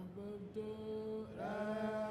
نعبد رب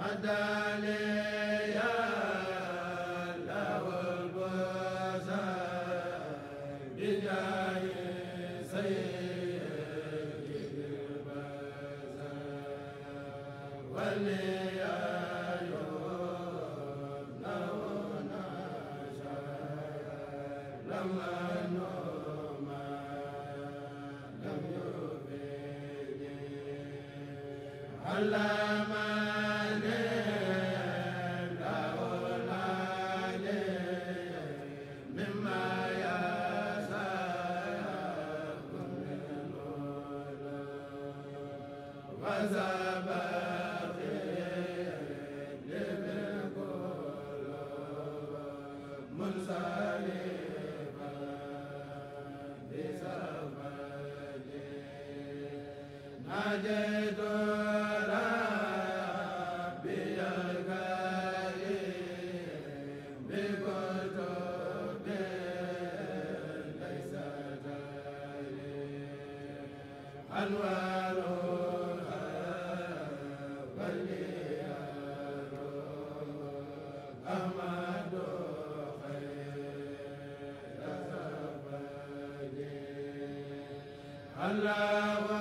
adale Allah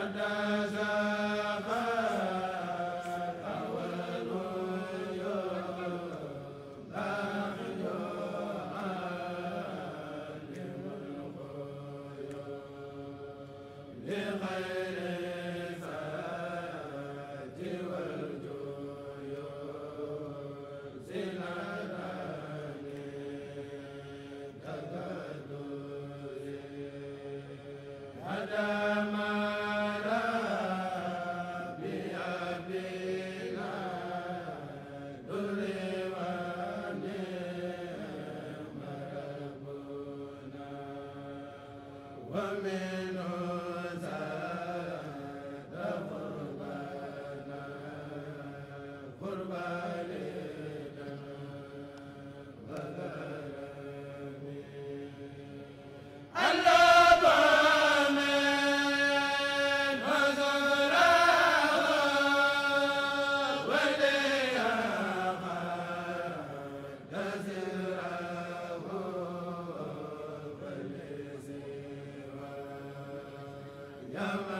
da yaa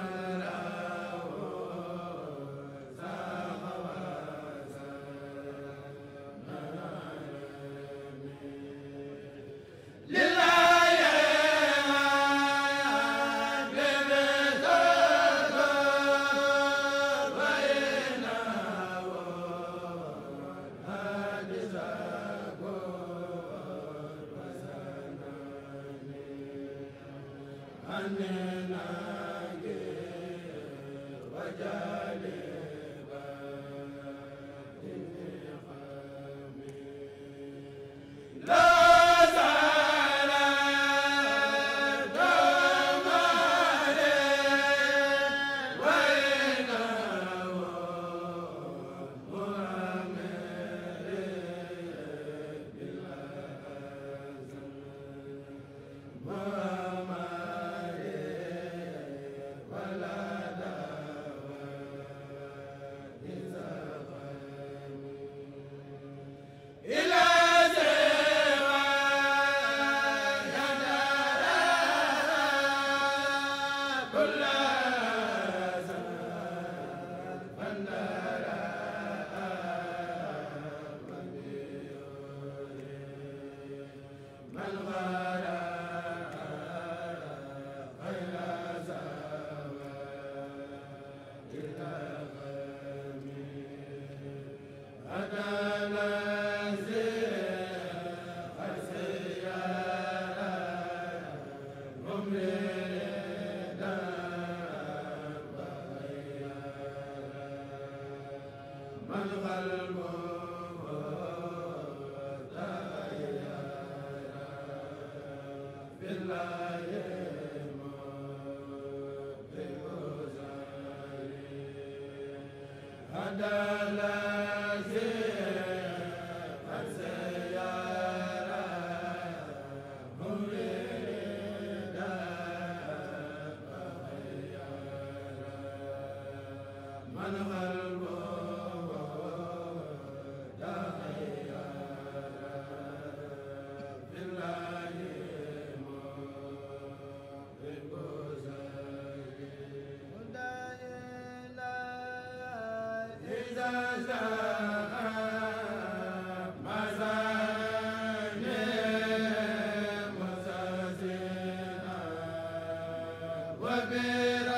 be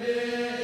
bi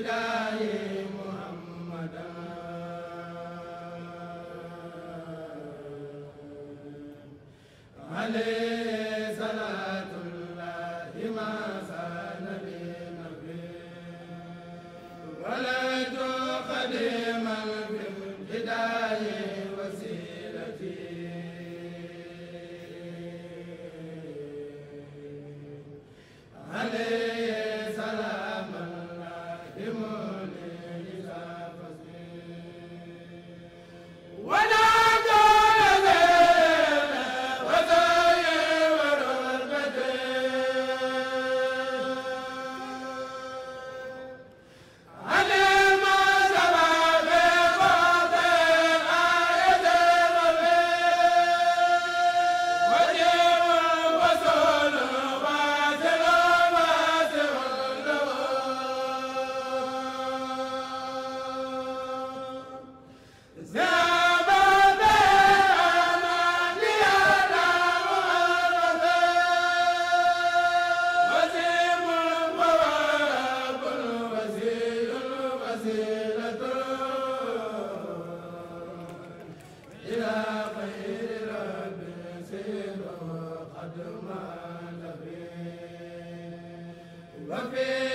bi wa fi